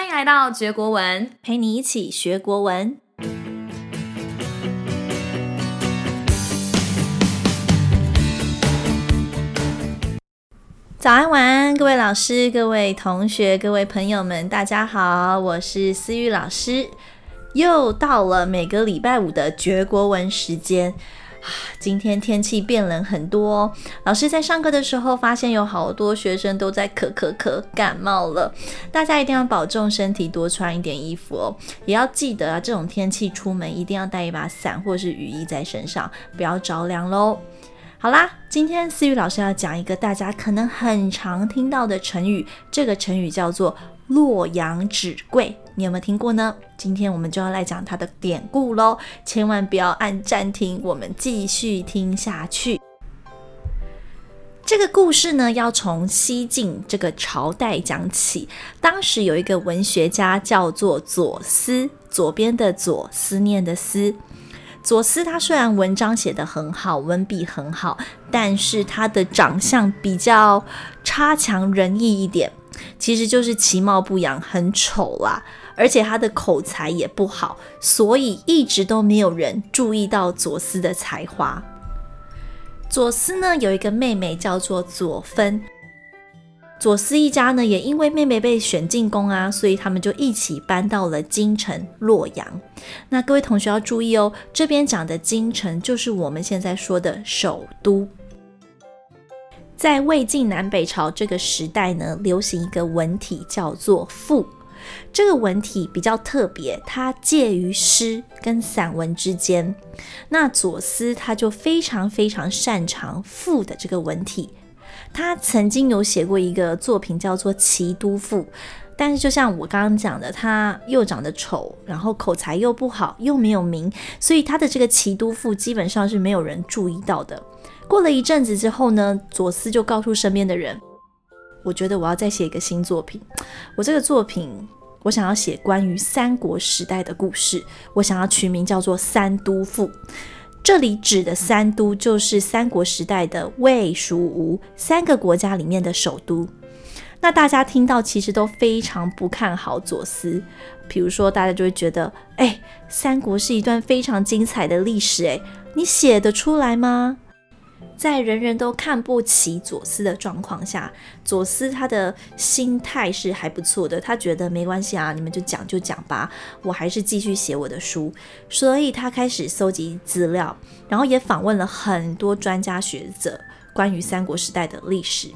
歡迎來到絕國文，陪你一起學國文。早安晚安，各位老師、各位同學、各位朋友們，大家好，我是思玉老師，又到了每個禮拜五的絕國文時間。今天天氣變冷很多哦，老師在上課的時候發現有好多學生都在咳咳咳感冒了，大家一定要保重身體，多穿一點衣服哦，也要記得啊，這種天氣出門一定要帶一把傘或是雨衣在身上，不要着涼嘍。好啦，今天思雨老師要講一個大家可能很常聽到的成語，這個成語叫做。洛陽紙貴，你有沒有聽過呢？今天我們就要來講它的典故嘍！千萬不要按暫停，我們繼續聽下去。這個故事呢，要從西晉這個朝代講起。當時有一個文學家叫做左思，左邊的左，思念的思。左思他雖然文章寫得很好，文筆很好，但是他的長相比較差強人意一點。其實就是其貌不揚，很醜啦，而且他的口才也不好，所以一直都沒有人注意到左思的才華。左思呢，有一個妹妹叫做左芬，左思一家呢也因為妹妹被選進宮啊，所以他們就一起搬到了京城洛陽。那各位同學要注意哦，這邊講的京城就是我們現在說的首都。在魏晉南北朝這個時代呢，流行一個文體叫做賦。這個文體比較特別，它介於詩跟散文之間。那左思他就非常非常擅長賦的這個文體，他曾經有寫過一個作品叫做《齊都賦》。但是就像我剛剛講的，他又長得醜，然後口才又不好，又沒有名，所以他的這個《齊都賦》基本上是沒有人注意到的。過了一陣子之後呢，左思就告訴身邊的人：“我覺得我要再寫一個新作品。我這個作品，我想要寫關於三國時代的故事。我想要取名叫做《三都賦》。這裡指的三都就是三國時代的魏、蜀、吳三個國家裡面的首都。那大家聽到其實都非常不看好左思，比如說大家就會覺得：哎、欸，三國是一段非常精彩的歷史、欸，哎，你寫得出來嗎？”在人人都看不起左思的狀況下，左思他的心態是還不錯的。他覺得沒關係啊，你們就講就講吧，我還是繼續寫我的書。所以他開始搜集資料，然後也訪問了很多專家學者關於三國時代的歷史。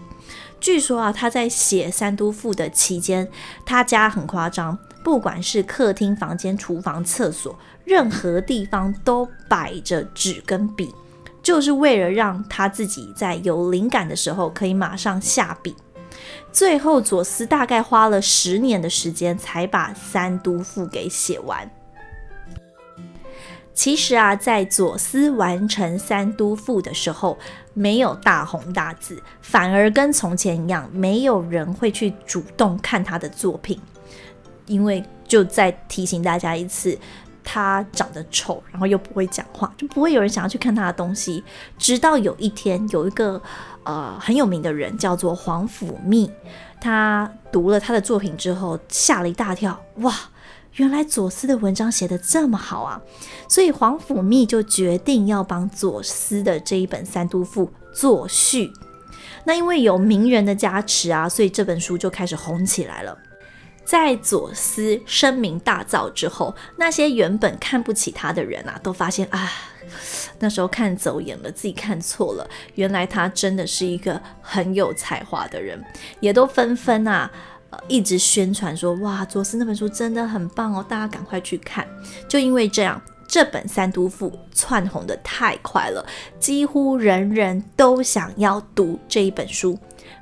據說啊，他在寫《三都賦》的期間，他家很誇張，不管是客廳、房間、廚房、廁所，任何地方都擺着紙跟筆。就是為了讓他自己在有靈感的時候可以馬上下筆。最後，左思大概花了十年的時間才把《三都賦》給寫完。其實啊，在左思完成《三都賦》的時候，沒有大紅大紫，反而跟從前一樣，沒有人會去主動看他的作品。因為，就再提醒大家一次。他長得醜，然後又不會講話，就不會有人想要去看他的東西。直到有一天，有一個呃很有名的人叫做皇甫謐，他讀了他的作品之後，嚇了一大跳，哇，原來左思的文章寫得這麼好啊！所以皇甫謐就決定要幫左思的這一本《三都賦》作序。那因為有名人的加持啊，所以這本書就開始紅起來了。在左思聲名大噪之後，那些原本看不起他的人啊，都發現啊，那時候看走眼了，自己看錯了，原來他真的是一個很有才華的人，也都紛紛啊，一直宣傳說，哇，左思那本書真的很棒哦，大家趕快去看。就因為這樣，這本《三都賦》竄紅得太快了，幾乎人人都想要讀這一本書，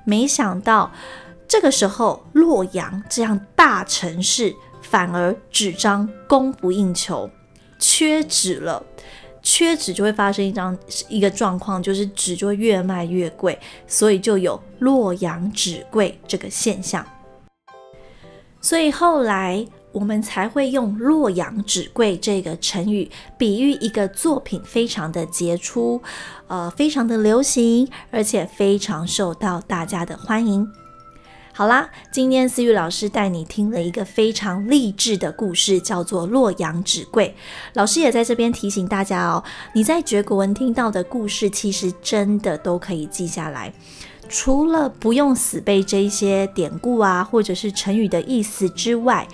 沒想到。這個時候，洛陽這樣大城市反而紙張供不應求，缺紙了。缺紙就會發生一張一個狀況，就是紙就越賣越貴，所以就有洛陽紙貴這個現象。所以後來我們才會用“洛陽紙貴”這個成語，比喻一個作品非常的傑出，呃，非常的流行，而且非常受到大家的歡迎。好啦，今天思雨老師帶你聽了一個非常勵志的故事，叫做《洛陽紙貴》。老師也在這邊提醒大家哦，你在學國文聽到的故事，其實真的都可以記下來。除了不用死背這一些典故啊，或者是成語的意思之外，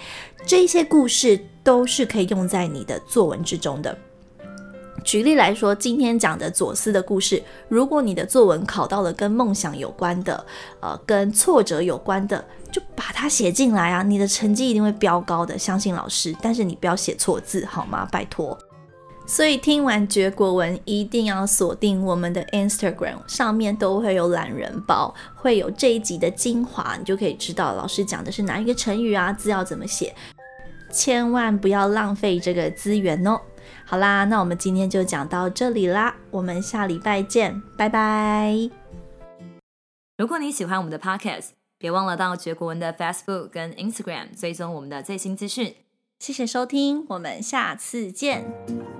這些故事都是可以用在你的作文之中的。舉例來說，今天講的左思的故事，如果你的作文考到了跟夢想有關的，呃，跟挫折有關的，就把它寫進來啊，你的成績一定會飆高的，相信老師。但是你不要寫錯字，好嗎？拜托。所以聽完絕國文，一定要鎖定我們的 Instagram，上面都會有懶人包，會有這一集的精華，你就可以知道老師講的是哪一個成語啊，字要怎麼寫，千萬不要浪費這個資源哦。好啦，那我們今天就講到這裡啦，我們下禮拜見，拜拜！如果你喜歡我們的 podcast，別忘了到絕國文的 Facebook 跟 Instagram 追蹤我們的最新資訊。謝謝收聽，我們下次見。